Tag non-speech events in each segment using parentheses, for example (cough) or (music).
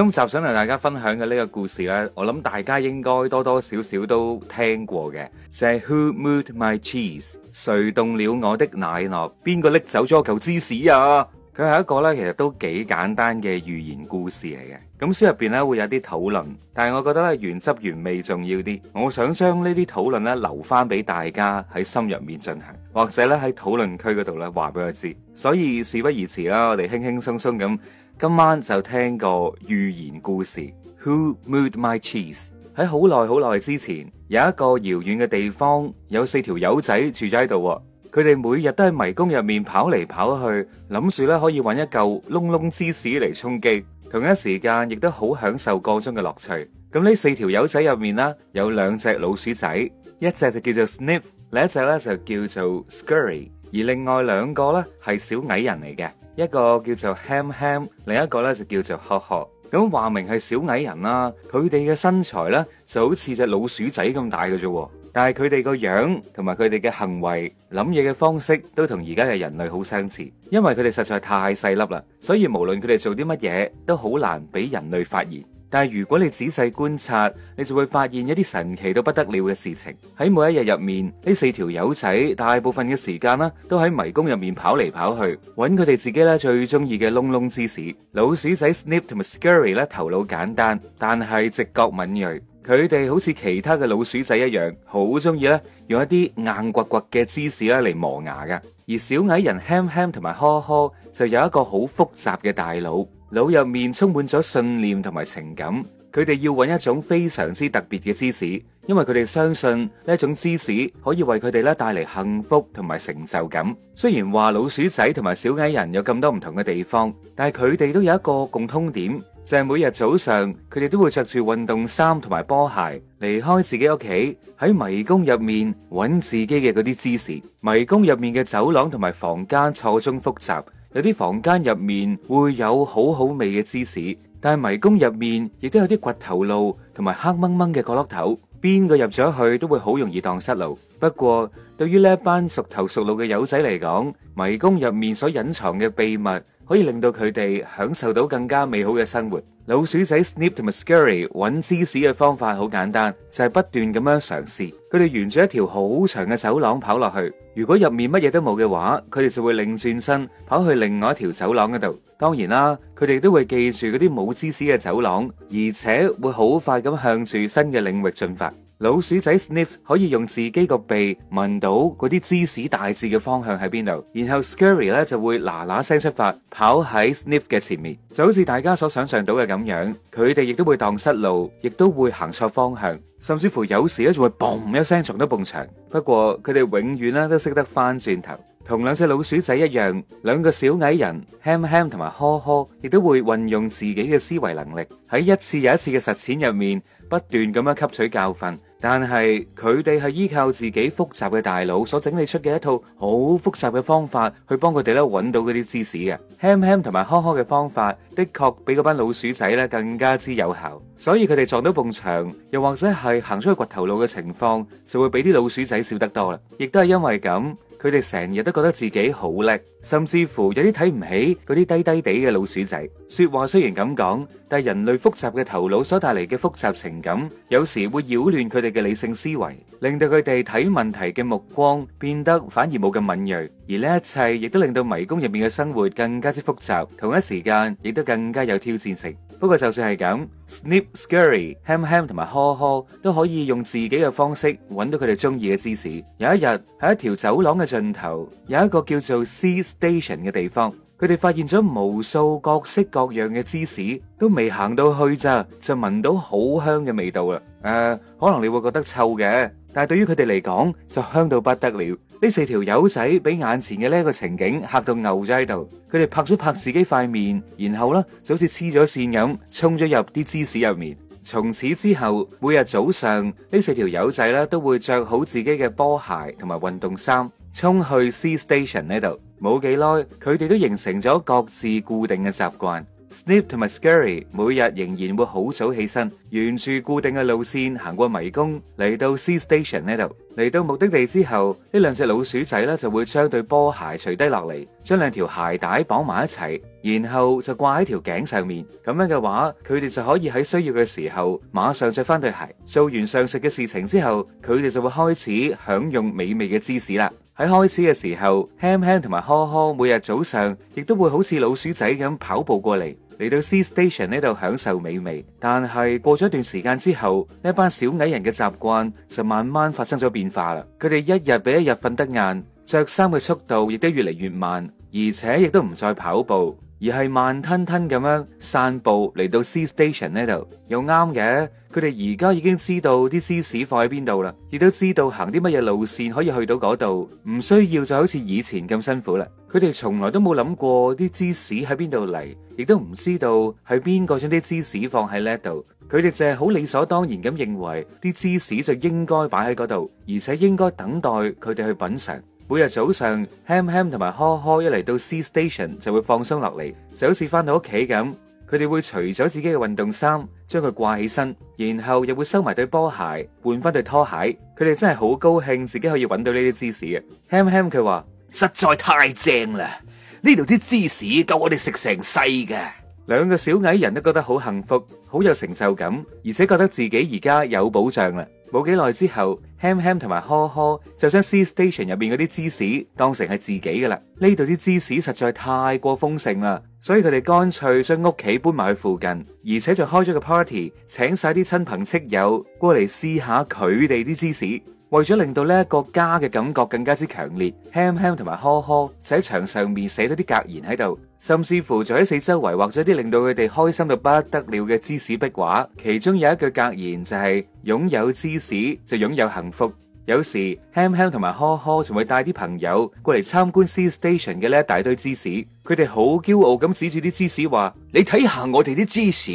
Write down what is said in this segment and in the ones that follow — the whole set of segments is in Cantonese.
今集想同大家分享嘅呢個故事咧，我諗大家應該多多少少都聽過嘅，就係 Who Moved My Cheese？誰動了我的奶酪？邊個拎走咗嚿芝士啊？佢係一個咧，其實都幾簡單嘅寓言故事嚟嘅。咁書入邊咧會有啲討論，但係我覺得咧原汁原味重要啲。我想將呢啲討論咧留翻俾大家喺心入面進行，或者咧喺討論區嗰度咧話俾我知。所以事不宜遲啦，我哋輕輕鬆鬆咁。今晚就聽個寓言故事。Who moved my cheese？喺好耐好耐之前，有一個遙遠嘅地方，有四條友仔住咗喺度。佢哋每日都喺迷宮入面跑嚟跑去，諗住咧，可以搵一嚿窿窿芝士嚟充飢。同一時間，亦都好享受個中嘅樂趣。咁呢四條友仔入面啦，有兩隻老鼠仔，一隻就叫做 Sniff，另一隻咧就叫做 Scurry，而另外兩個咧係小矮人嚟嘅。一個叫做 Ham Ham，另一個咧就叫做呵呵。咁話明係小矮人啦，佢哋嘅身材咧就好似隻老鼠仔咁大嘅啫。但係佢哋個樣同埋佢哋嘅行為、諗嘢嘅方式都同而家嘅人類好相似，因為佢哋實在太細粒啦，所以無論佢哋做啲乜嘢都好難俾人類發現。但係如果你仔細觀察，你就會發現一啲神奇到不得了嘅事情。喺每一日入面，呢四條友仔大部分嘅時間啦，都喺迷宮入面跑嚟跑去，揾佢哋自己咧最中意嘅窿窿芝士。老鼠仔 Snip 同埋 Scurry 咧頭腦簡單，但係直覺敏銳。佢哋好似其他嘅老鼠仔一樣，好中意咧用一啲硬掘掘嘅芝士啦嚟磨牙㗎。而小矮人 Ham Ham 同埋呵呵，就有一個好複雜嘅大腦。腦入面充滿咗信念同埋情感，佢哋要揾一種非常之特別嘅芝士，因為佢哋相信呢一種芝士可以為佢哋咧帶嚟幸福同埋成就感。雖然話老鼠仔同埋小矮人有咁多唔同嘅地方，但係佢哋都有一個共通點，就係、是、每日早上佢哋都會着住運動衫同埋波鞋離開自己屋企，喺迷宮入面揾自己嘅嗰啲芝士。迷宮入面嘅走廊同埋房間錯綜複雜。有啲房間入面會有好好味嘅芝士，但係迷宮入面亦都有啲掘頭路同埋黑掹掹嘅角落頭，邊個入咗去都會好容易蕩失路。不過對於呢一班熟頭熟路嘅友仔嚟講，迷宮入面所隱藏嘅秘密，可以令到佢哋享受到更加美好嘅生活。老鼠仔 Sniff 同埋 Scurry 揾芝士嘅方法好簡單，就係不斷咁樣嘗試。佢哋沿住一條好長嘅走廊跑落去。如果入面乜嘢都冇嘅話，佢哋就會擰轉身跑去另外一條走廊嗰度。當然啦，佢哋都會記住嗰啲冇芝士嘅走廊，而且會好快咁向住新嘅領域進發。老鼠仔 Sniff 可以用自己個鼻聞到嗰啲芝士大致嘅方向喺邊度，然後 Scurry 咧，就會嗱嗱聲出發，跑喺 Sniff 嘅前面。就好似大家所想象到嘅咁樣，佢哋亦都會盪失路，亦都會行錯方向，甚至乎有時咧就會嘣一聲撞到埲牆。不過佢哋永遠咧都識得翻轉頭，同兩隻老鼠仔一樣，兩個小矮人 Ham Ham 同埋呵呵，亦都會運用自己嘅思維能力，喺一次又一次嘅實踐入面不斷咁樣吸取教訓。但係佢哋係依靠自己複雜嘅大腦所整理出嘅一套好複雜嘅方法去幫佢哋揾到嗰啲芝士嘅。哼哼同埋呵呵嘅方法的確比嗰班老鼠仔咧更加之有效，所以佢哋撞到埲牆又或者係行出去掘頭路嘅情況，就會比啲老鼠仔少得多啦，亦都係因為咁。佢哋成日都覺得自己好叻，甚至乎有啲睇唔起嗰啲低低地嘅老鼠仔。說話雖然咁講，但係人類複雜嘅頭腦所帶嚟嘅複雜情感，有時會擾亂佢哋嘅理性思維，令到佢哋睇問題嘅目光變得反而冇咁敏銳。而呢一切亦都令到迷宮入面嘅生活更加之複雜，同一時間亦都更加有挑戰性。不過就算係咁，Snip、Sn Scurry、Ham、Ham 同埋呵呵都可以用自己嘅方式揾到佢哋中意嘅芝士。有一日喺一條走廊嘅盡頭，有一個叫做 Sea Station 嘅地方，佢哋發現咗無數各式各樣嘅芝士，都未行到去咋，就聞到好香嘅味道啦。誒、呃，可能你會覺得臭嘅。但係對於佢哋嚟講就香到不得了。呢四條友仔俾眼前嘅呢個情景嚇到牛仔喺度，佢哋拍咗拍自己塊面，然後呢就好似黐咗線咁衝咗入啲芝士入面。從此之後，每日早上呢四條友仔咧，都會着好自己嘅波鞋同埋運動衫，衝去 C Station 呢度。冇幾耐，佢哋都形成咗各自固定嘅習慣。Sniff 同埋 Scurry，每日仍然會好早起身，沿住固定嘅路線行過迷宮，嚟到 C station 呢度，嚟到目的地之後，呢兩隻老鼠仔咧就會將對波鞋除低落嚟，將兩條鞋帶綁埋一齊，然後就掛喺條頸上面。咁樣嘅話，佢哋就可以喺需要嘅時候馬上着翻對鞋。做完上述嘅事情之後，佢哋就會開始享用美味嘅芝士啦。喺開始嘅時候，哼哼同埋呵呵，每日早上亦都會好似老鼠仔咁跑步過嚟，嚟到 C Station 呢度享受美味。但係過咗一段時間之後，呢班小矮人嘅習慣就慢慢發生咗變化啦。佢哋一日比一日瞓得晏，着衫嘅速度亦都越嚟越慢，而且亦都唔再跑步。而係慢吞吞咁樣散步嚟到 C station 呢度，又啱嘅。佢哋而家已經知道啲芝士放喺邊度啦，亦都知道行啲乜嘢路線可以去到嗰度，唔需要就好似以前咁辛苦啦。佢哋從來都冇諗過啲芝士喺邊度嚟，亦都唔知道係邊個將啲芝士放喺呢度。佢哋淨係好理所當然咁認為，啲芝士就應該擺喺嗰度，而且應該等待佢哋去品嘗。每日早上，Ham Ham 同埋呵呵一嚟到 C Station 就會放鬆落嚟，就好似翻到屋企咁。佢哋會除咗自己嘅運動衫，將佢掛起身，然後又會收埋對波鞋，換翻對拖鞋。佢哋真係好高興自己可以揾到呢啲芝士啊！Ham Ham 佢話實在太正啦，呢度啲芝士夠我哋食成世嘅。兩個小矮人都覺得好幸福，好有成就感，而且覺得自己而家有保障啦。冇幾耐之後，Ham Ham 同埋呵呵 Co 就將 C Station 入邊嗰啲芝士當成係自己噶啦。呢度啲芝士實在太過豐盛啦，所以佢哋乾脆將屋企搬埋去附近，而且仲開咗個 party，請晒啲親朋戚友過嚟試下佢哋啲芝士。為咗令到呢一個家嘅感覺更加之強烈，Ham Ham 同埋呵呵就喺牆上面寫咗啲格言喺度，甚至乎仲喺四周圍畫咗啲令到佢哋開心到不得了嘅芝士壁畫。其中有一句格言就係、是、擁有芝士就擁有幸福。有時 Ham Ham 同埋呵呵仲會帶啲朋友過嚟參觀 Sea Station 嘅呢一大堆芝士，佢哋好驕傲咁指住啲芝士話： (noise) 你睇下我哋啲芝士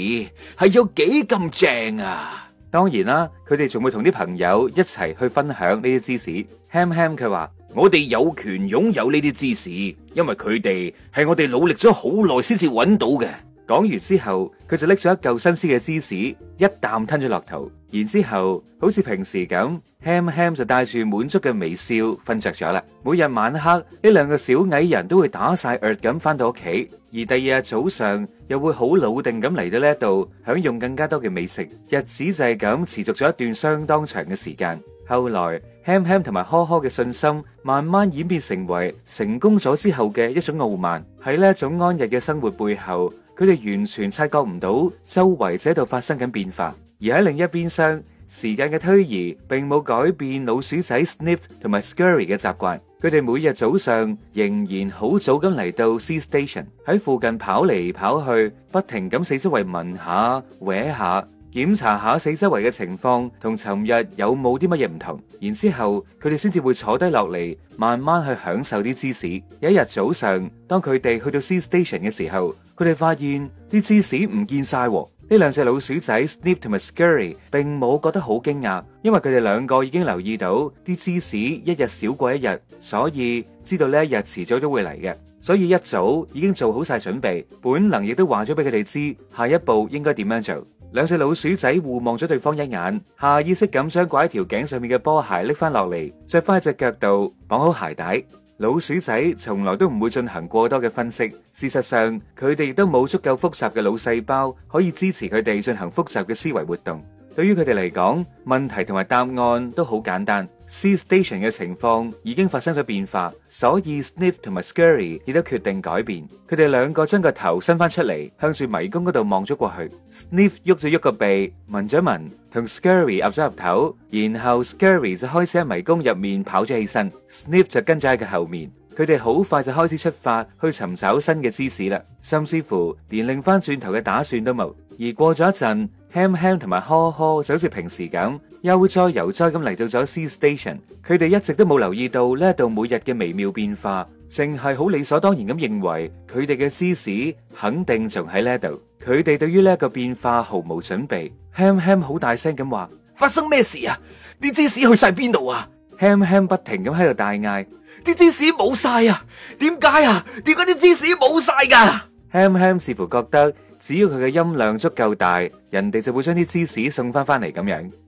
係有幾咁正啊！當然啦，佢哋仲會同啲朋友一齊去分享呢啲芝士。Ham Ham 佢話：我哋有權擁有呢啲芝士，因為佢哋係我哋努力咗好耐先至揾到嘅。講完之後，佢就拎咗一嚿新鮮嘅芝士，一啖吞咗落肚，然之後好似平時咁，Ham Ham 就帶住滿足嘅微笑瞓着咗啦。每日晚黑，呢兩個小矮人都會打晒嗝咁翻到屋企。而第二日早上又會好老定咁嚟到呢度享用更加多嘅美食，日子就係咁持續咗一段相當長嘅時間。後來 Hem Hem 同埋 Haw Haw 嘅信心慢慢演變成為成功咗之後嘅一種傲慢。喺呢種安逸嘅生活背後，佢哋完全察覺唔到周圍呢度發生緊變化。而喺另一邊廂，時間嘅推移並冇改變老鼠仔 Sniff 同埋 Scurry 嘅習慣。佢哋每日早上仍然好早咁嚟到 C station，喺附近跑嚟跑去，不停咁四周圍聞下、搲下、檢查下四周圍嘅情況，同尋日有冇啲乜嘢唔同。然之後佢哋先至會坐低落嚟，慢慢去享受啲芝士。有一日早上，當佢哋去到 C station 嘅時候，佢哋發現啲芝士唔見晒哦。呢兩隻老鼠仔，Snip to my s c u r y 並冇覺得好驚訝，因為佢哋兩個已經留意到啲芝士一日少過一日，所以知道呢一日遲早都會嚟嘅，所以一早已經做好晒準備，本能亦都話咗俾佢哋知下一步應該點樣做。兩隻老鼠仔互望咗對方一眼，下意識咁將掛喺條頸上面嘅波鞋拎翻落嚟，着翻喺隻腳度，綁好鞋帶。老鼠仔從來都唔會進行過多嘅分析，事實上，佢哋亦都冇足夠複雜嘅腦細胞可以支持佢哋進行複雜嘅思維活動。對於佢哋嚟講，問題同埋答案都好簡單。C station 嘅情況已經發生咗變化，所以 Sniff 同埋 Scurry 亦都決定改變。佢哋兩個將個頭伸翻出嚟，向住迷宮嗰度望咗過去。Sniff 喐咗喐個鼻，聞咗聞，同 Scurry 岌咗岌頭，然後 Scurry 就開始喺迷宮入面跑咗起身，Sniff 就跟住喺佢後面。佢哋好快就開始出發去尋找新嘅芝士啦，甚至乎連擰翻轉頭嘅打算都冇。而過咗一陣 (laughs) ，Ham Ham 同埋呵呵就好似平時咁，悠哉悠哉咁嚟到咗 C Station，佢哋一直都冇留意到呢一度每日嘅微妙變化，淨係好理所當然咁認為佢哋嘅芝士肯定仲喺呢度。佢哋對於呢一個變化毫無準備。Ham Ham 好大聲咁話：發生咩事啊？啲芝士去晒邊度啊？Ham Ham 不停咁喺度大嗌：啲芝士冇晒啊！點解啊？點解啲芝士冇晒噶？Ham Ham 似乎覺得只要佢嘅音量足夠大，人哋就會將啲芝士送翻翻嚟咁樣。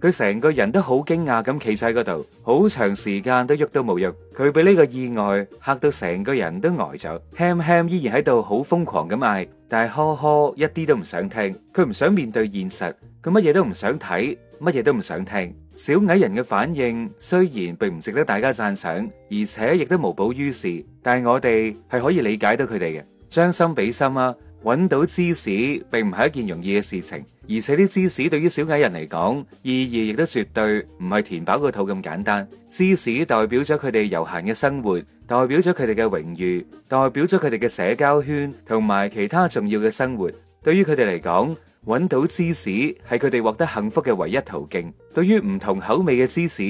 佢成個人都好驚訝咁企晒喺嗰度，好長時間都喐都冇喐。佢俾呢個意外嚇到成個人都呆咗。Ham Ham 依然喺度好瘋狂咁嗌，但係呵呵一啲都唔想聽。佢唔想面對現實，佢乜嘢都唔想睇，乜嘢都唔想聽。小矮人嘅反應雖然並唔值得大家讚賞，而且亦都無補於事，但係我哋係可以理解到佢哋嘅，將心比心啊！搵到芝士並唔係一件容易嘅事情，而且啲芝士對於小矮人嚟講，意義亦都絕對唔係填飽個肚咁簡單。芝士代表咗佢哋悠閒嘅生活，代表咗佢哋嘅榮譽，代表咗佢哋嘅社交圈同埋其他重要嘅生活。對於佢哋嚟講，搵到芝士係佢哋獲得幸福嘅唯一途徑。對於唔同口味嘅芝士，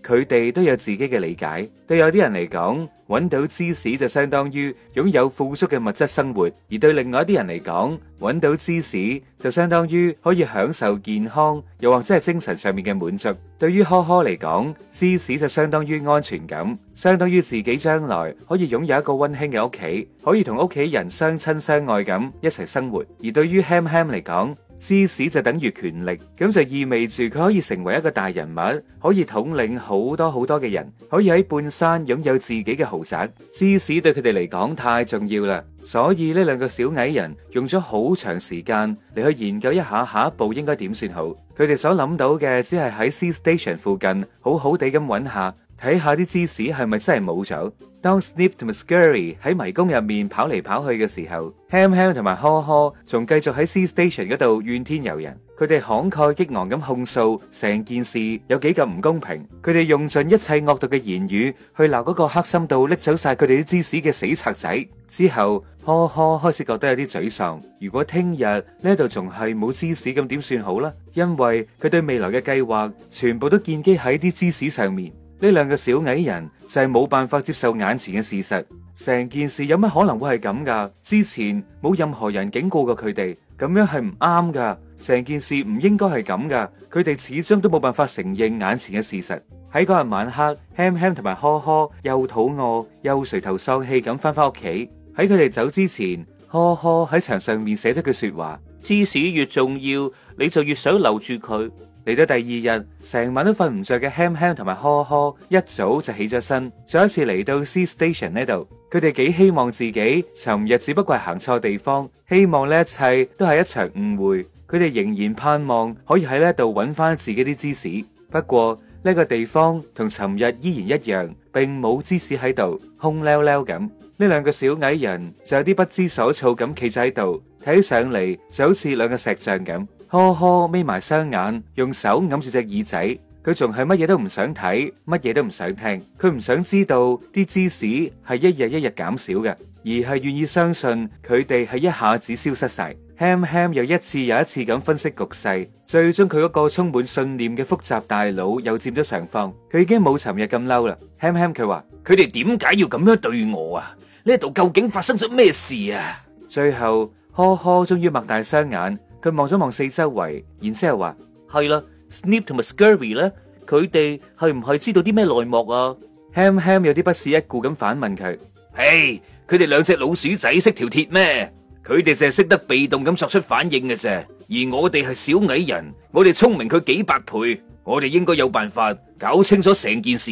佢哋都有自己嘅理解。對有啲人嚟講，搵到芝士就相當於擁有富足嘅物質生活；而對另外一啲人嚟講，搵到芝士就相當於可以享受健康，又或者係精神上面嘅滿足。對於呵呵嚟講，芝士就相當於安全感，相當於自己將來可以擁有一個溫馨嘅屋企，可以同屋企人相親相愛咁一齊生活。而對於 Ham Ham 嚟講，芝士就等於權力，咁就意味住佢可以成為一個大人物，可以統領好多好多嘅人，可以喺半山擁有自己嘅豪宅。芝士對佢哋嚟講太重要啦，所以呢兩個小矮人用咗好長時間嚟去研究一下下一步應該點算好。佢哋所諗到嘅只係喺 C Station 附近好好地咁揾下。睇下啲芝士係咪真係冇咗？當 Snip 同埋 Scurry 喺迷宮入面跑嚟跑去嘅時候，Ham Ham 同埋呵呵 Co 仲繼續喺 C Station 嗰度怨天尤人。佢哋慷慨激昂咁控訴成件事有幾咁唔公平。佢哋用盡一切惡毒嘅言語去鬧嗰個黑心到拎走晒佢哋啲芝士嘅死賊仔之後呵呵 c 開始覺得有啲沮喪。如果聽日呢度仲係冇芝士咁，點算好呢？因為佢對未來嘅計劃全部都建基喺啲芝士上面。呢兩個小矮人就係冇辦法接受眼前嘅事實，成件事有乜可能會係咁噶？之前冇任何人警告過佢哋，咁樣係唔啱噶，成件事唔應該係咁噶。佢哋始終都冇辦法承認眼前嘅事實。喺嗰日晚黑，哼哼同埋呵呵，喊喊又肚餓又垂頭喪氣咁翻翻屋企。喺佢哋走之前，呵呵喺牆上面寫咗句說話：芝士越重要，你就越想留住佢。嚟到第二日，成晚都瞓唔着嘅 Ham Ham 同埋呵呵一早就起咗身，再一次嚟到 C Station 呢度。佢哋幾希望自己尋日只不過係行錯地方，希望呢一切都係一場誤會。佢哋仍然盼望可以喺呢度揾翻自己啲芝士。不過呢個地方同尋日依然一樣，並冇芝士喺度，空溜溜咁。呢兩個小矮人就有啲不知所措咁企咗喺度，睇上嚟就好似兩個石像咁。呵呵，眯埋雙眼，用手揞住隻耳仔，佢仲係乜嘢都唔想睇，乜嘢都唔想聽，佢唔想知道啲芝士係一日一日減少嘅，而係願意相信佢哋係一下子消失晒。Ham Ham 又一次又一次咁分析局勢，最終佢嗰個充滿信念嘅複雜大腦又佔咗上風。佢已經冇尋日咁嬲啦。Ham Ham 佢話：佢哋點解要咁樣對我啊？呢度究竟發生咗咩事啊？最後，呵呵，終於擘大雙眼。佢望咗望四周圍，然之後話：係啦，Snip 同埋 Scurvy 咧，佢哋係唔係知道啲咩內幕啊？Ham Ham 有啲不屑一顧咁反問佢：，唉，佢哋兩隻老鼠仔識條鐵咩？佢哋淨係識得被動咁作出反應嘅啫。而我哋係小矮人，我哋聰明佢幾百倍，我哋應該有辦法搞清楚成件事。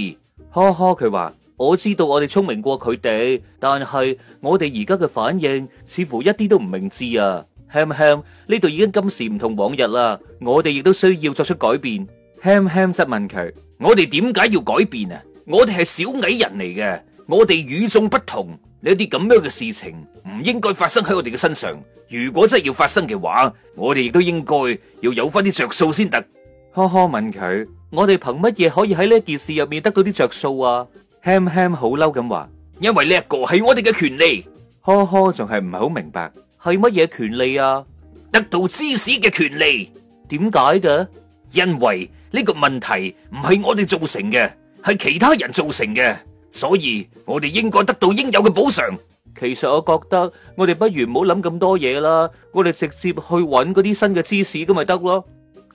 呵呵， (laughs) 佢話我知道我哋聰明過佢哋，但係我哋而家嘅反應似乎一啲都唔明智啊。Ham Ham，呢度已經今時唔同往日啦，我哋亦都需要作出改變。Ham Ham 質問佢：我哋點解要改變啊？我哋係小矮人嚟嘅，我哋與眾不同。呢一啲咁樣嘅事情唔應該發生喺我哋嘅身上。如果真係要發生嘅話，我哋亦都應該要有翻啲着數先得。呵呵問佢：我哋憑乜嘢可以喺呢件事入面得到啲着數啊？Ham Ham 好嬲咁話：因為呢一個係我哋嘅權利。呵呵仲係唔係好明白？係乜嘢權利啊？得到芝士嘅權利？點解㗎？因為呢個問題唔係我哋造成嘅，係其他人造成嘅，所以我哋應該得到應有嘅補償。其實我覺得我哋不如唔好諗咁多嘢啦，我哋直接去搵嗰啲新嘅芝士咁咪得咯。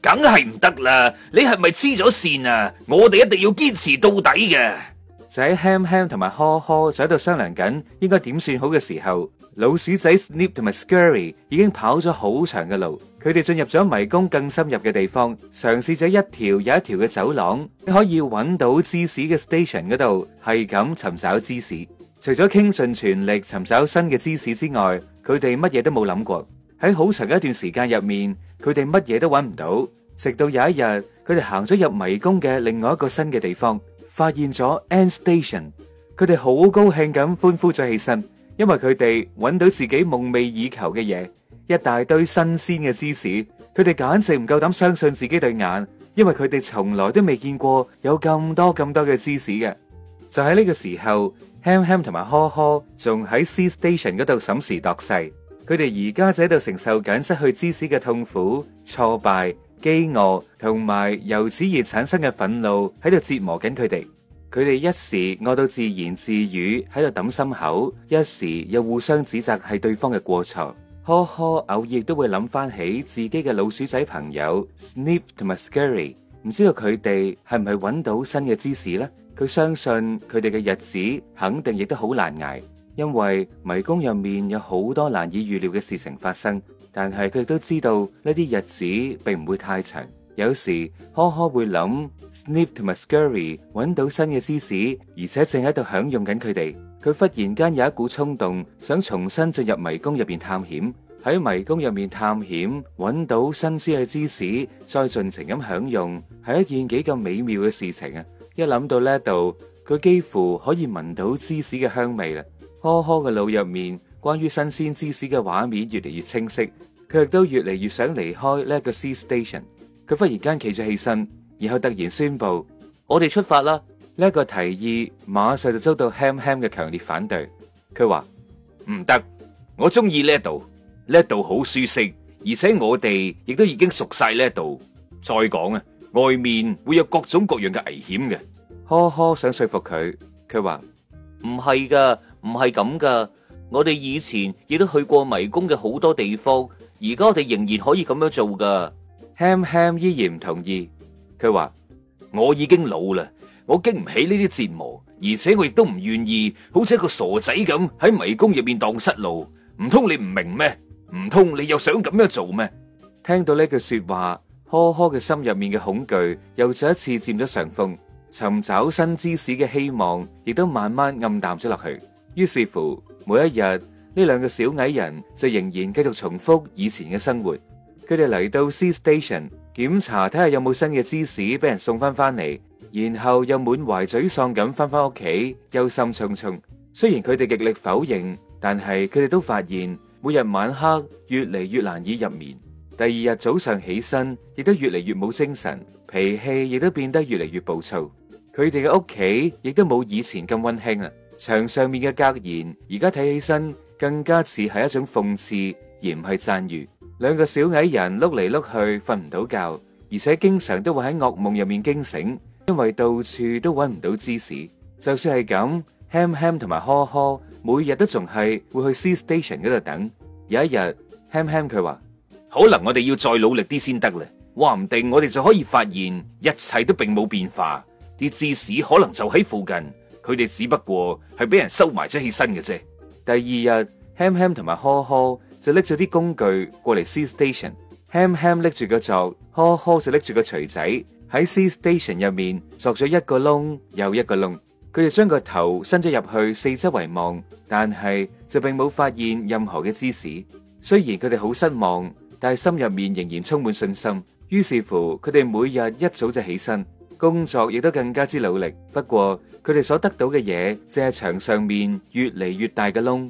梗係唔得啦！你係咪黐咗線啊？我哋一定要堅持到底嘅。就喺 Ham Ham 同埋 Ho Ho 就喺度商量緊應該點算好嘅時候。老鼠仔 Sniff 同埋 Scurry 已經跑咗好長嘅路，佢哋進入咗迷宮更深入嘅地方，嘗試咗一條又一條嘅走廊，你可以揾到芝士嘅 station 嗰度，係咁尋找芝士。除咗傾盡全力尋找新嘅芝士之外，佢哋乜嘢都冇諗過。喺好長嘅一段時間入面，佢哋乜嘢都揾唔到。直到有一日，佢哋行咗入迷宮嘅另外一個新嘅地方，發現咗 End Station，佢哋好高興咁歡呼咗起身。因為佢哋揾到自己夢寐以求嘅嘢，一大堆新鮮嘅芝士，佢哋簡直唔夠膽相信自己對眼，因為佢哋從來都未見過有咁多咁多嘅芝士嘅。就喺呢個時候，Ham Ham 同埋呵呵 Co 仲喺 C Station 嗰度審時度勢，佢哋而家就喺度承受緊失去芝士嘅痛苦、挫敗、飢餓，同埋由此而產生嘅憤怒喺度折磨緊佢哋。佢哋一時愛到自言自語喺度抌心口，一時又互相指責係對方嘅過錯。呵呵，偶爾都會諗翻起自己嘅老鼠仔朋友 Sniff 同埋 Scary，唔知道佢哋係唔係揾到新嘅芝士呢？佢相信佢哋嘅日子肯定亦都好難挨，因為迷宮入面有好多難以預料嘅事情發生。但係佢亦都知道呢啲日子並唔會太長。有時，珂珂會諗，Sniff 同埋 Scurry，搵到新嘅芝士，而且正喺度享用緊佢哋。佢忽然間有一股衝動，想重新進入迷宮入邊探險。喺迷宮入面探險，搵到新鮮嘅芝士，再盡情咁享用，係一件幾咁美妙嘅事情啊！一諗到呢度，佢幾乎可以聞到芝士嘅香味啦。珂珂嘅腦入面關於新鮮芝士嘅畫面越嚟越清晰，佢亦都越嚟越想離開呢個 C station。佢忽然間企咗起身，然後突然宣佈：我哋出發啦！呢一個提議馬上就遭到 Ham Ham 嘅強烈反對。佢話唔得，我中意呢度，呢度好舒適，而且我哋亦都已經熟晒呢度。再講啊，外面會有各種各樣嘅危險嘅。呵呵，想說服佢，佢話唔係噶，唔係咁噶。我哋以前亦都去過迷宮嘅好多地方，而家我哋仍然可以咁樣做噶。Ham Ham 依然唔同意，佢話我已經老啦，我經唔起呢啲折磨，而且我亦都唔願意好似一個傻仔咁喺迷宮入面蕩失路。唔通你唔明咩？唔通你又想咁樣做咩？聽到呢句說話，呵呵嘅心入面嘅恐懼又再一次佔咗上風，尋找新芝士嘅希望亦都慢慢暗淡咗落去。於是乎，每一日呢兩個小矮人就仍然繼續重複以前嘅生活。佢哋嚟到 C Station 檢查睇下有冇新嘅芝士俾人送翻翻嚟，然後又滿懷沮喪咁翻翻屋企，憂心忡忡。雖然佢哋極力否認，但係佢哋都發現，每日晚黑越嚟越難以入眠，第二日早上起身亦都越嚟越冇精神，脾氣亦都變得越嚟越暴躁。佢哋嘅屋企亦都冇以前咁溫馨啦，牆上面嘅格言而家睇起身更加似係一種諷刺，而唔係讚譽。兩個小矮人碌嚟碌去，瞓唔到覺，而且經常都會喺噩夢入面驚醒，因為到處都揾唔到芝士。就算係咁，Ham Ham 同埋呵呵，每日都仲係會去 C Station 嗰度等。有一日，Ham Ham 佢話：可能我哋要再努力啲先得咧，話唔定我哋就可以發現，一切都並冇變化，啲芝士可能就喺附近，佢哋只不過係俾人收埋咗起身嘅啫。第二日，Ham Ham 同埋呵呵。就拎咗啲工具過嚟 C station，哼哼拎住個鑿，呵呵就拎住個錘仔喺 C station 入面鑿咗一個窿又一個窿，佢哋就將個頭伸咗入去四周圍望，但係就並冇發現任何嘅芝士。雖然佢哋好失望，但係心入面仍然充滿信心。於是乎，佢哋每日一早就起身工作，亦都更加之努力。不過，佢哋所得到嘅嘢正係牆上面越嚟越大嘅窿。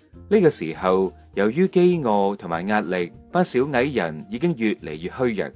呢個時候，由於飢餓同埋壓力，班小矮人已經越嚟越虛弱。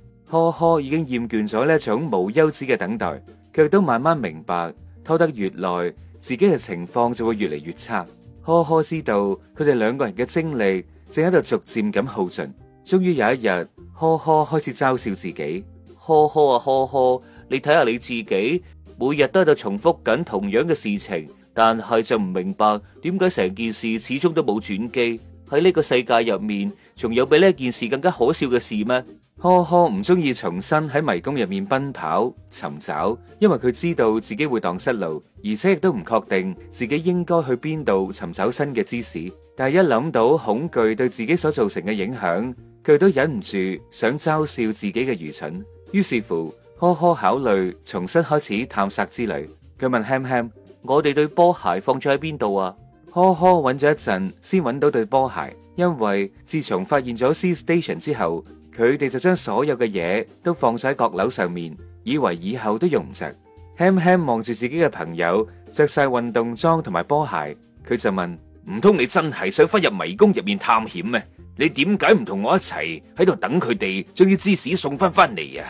呵呵，已經厭倦咗呢一種無休止嘅等待，佢哋都慢慢明白，拖得越耐，自己嘅情況就會越嚟越差。呵呵，知道佢哋兩個人嘅精力正喺度逐漸咁耗盡。終於有一日，呵呵開始嘲笑自己：呵呵啊，呵呵，呵呵，你睇下你自己，每日都喺度重複緊同樣嘅事情。但係就唔明白點解成件事始終都冇轉機。喺呢個世界入面，仲有比呢件事更加可笑嘅事咩？呵呵，唔中意重新喺迷宮入面奔跑尋找，因為佢知道自己會蕩失路，而且亦都唔確定自己應該去邊度尋找新嘅知識。但係一諗到恐懼對自己所造成嘅影響，佢都忍唔住想嘲笑自己嘅愚蠢。於是乎，呵呵，考慮重新開始探索之旅。佢問 Ham Ham。我哋對波鞋放咗喺邊度啊？呵呵，揾咗一陣先揾到對波鞋，因為自從發現咗 C Station 之後，佢哋就將所有嘅嘢都放晒喺閣樓上面，以為以後都用唔着。輕輕望住自己嘅朋友，着晒運動裝同埋波鞋，佢就問：唔通你真係想翻入迷宮入面探險咩？你點解唔同我一齊喺度等佢哋將啲芝士送翻翻嚟啊？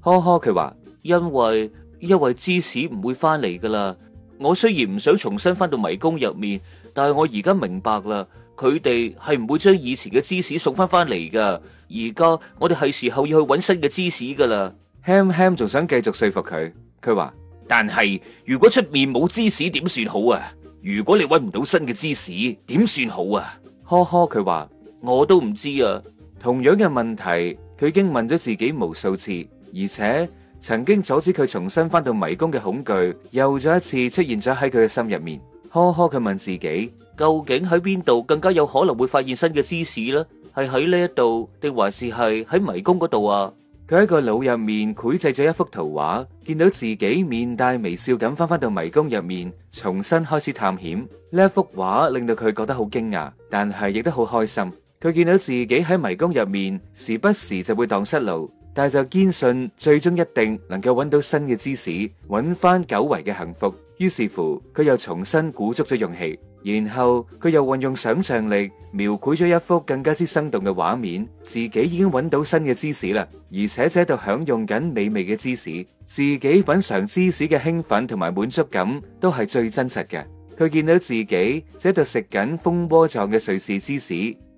呵呵，佢話因為因為芝士唔會翻嚟噶啦。我雖然唔想重新翻到迷宮入面，但係我而家明白啦，佢哋係唔會將以前嘅芝士送翻翻嚟噶。而家我哋係時候要去揾新嘅芝士噶啦。Ham Ham 仲想繼續說服佢，佢話：但係如果出面冇芝士點算好啊？如果你揾唔到新嘅芝士點算好啊？呵呵，佢話我都唔知啊。同樣嘅問題，佢已經問咗自己無數次，而且。曾經阻止佢重新翻到迷宮嘅恐懼，又再一次出現咗喺佢嘅心入面。呵呵，佢問自己，究竟喺邊度更加有可能會發現新嘅芝士呢？係喺呢一度，定還是係喺迷宮嗰度啊？佢喺個腦入面繪製咗一幅圖畫，見到自己面帶微笑咁翻返到迷宮入面，重新開始探險。呢一幅畫令到佢覺得好驚訝，但係亦都好開心。佢見到自己喺迷宮入面，時不時就會蕩失路。但就堅信最終一定能夠揾到新嘅芝士，揾翻久違嘅幸福。於是乎，佢又重新鼓足咗勇氣，然後佢又運用想象力描繪咗一幅更加之生動嘅畫面。自己已經揾到新嘅芝士啦，而且正喺度享用緊美味嘅芝士。自己品嘗芝士嘅興奮同埋滿足感都係最真實嘅。佢見到自己正喺度食緊蜂窩狀嘅瑞士芝士、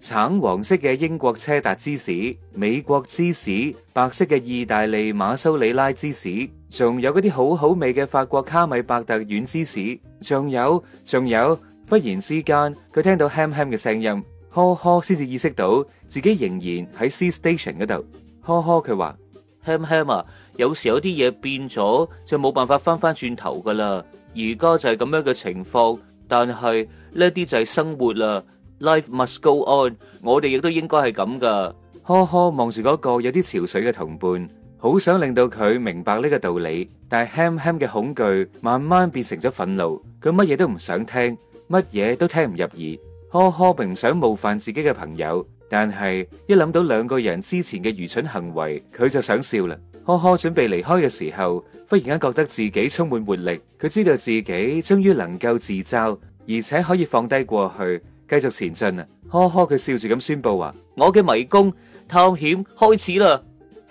橙黃色嘅英國車達芝士、美國芝士、白色嘅意大利馬蘇里拉芝士，仲有嗰啲好好味嘅法國卡米伯特軟芝士，仲有仲有。忽然之間，佢聽到 ham ham 嘅聲音，呵呵，先至意識到自己仍然喺 C station 嗰度。呵呵，佢話 ham ham 啊，有時有啲嘢變咗就冇辦法翻翻轉頭噶啦。而家就係咁樣嘅情況，但係呢啲就係生活啦。Life must go on。我哋亦都應該係咁噶。呵呵，望住嗰個有啲憔悴嘅同伴，好想令到佢明白呢個道理。但係，ham ham 嘅恐懼慢慢變成咗憤怒。佢乜嘢都唔想聽，乜嘢都聽唔入耳。呵呵，並唔想冒犯自己嘅朋友，但係一諗到兩個人之前嘅愚蠢行為，佢就想笑啦。呵呵，準備離開嘅時候，忽然間覺得自己充滿活力。佢知道自己終於能夠自嘲，而且可以放低過去。繼續前進啊！呵呵，佢笑住咁宣布話：我嘅迷宮探險開始啦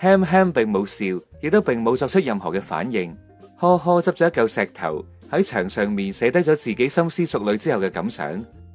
！Ham Ham 並冇笑，亦都並冇作出任何嘅反應。呵呵，執咗一嚿石頭喺牆上面寫低咗自己心思熟慮之後嘅感想，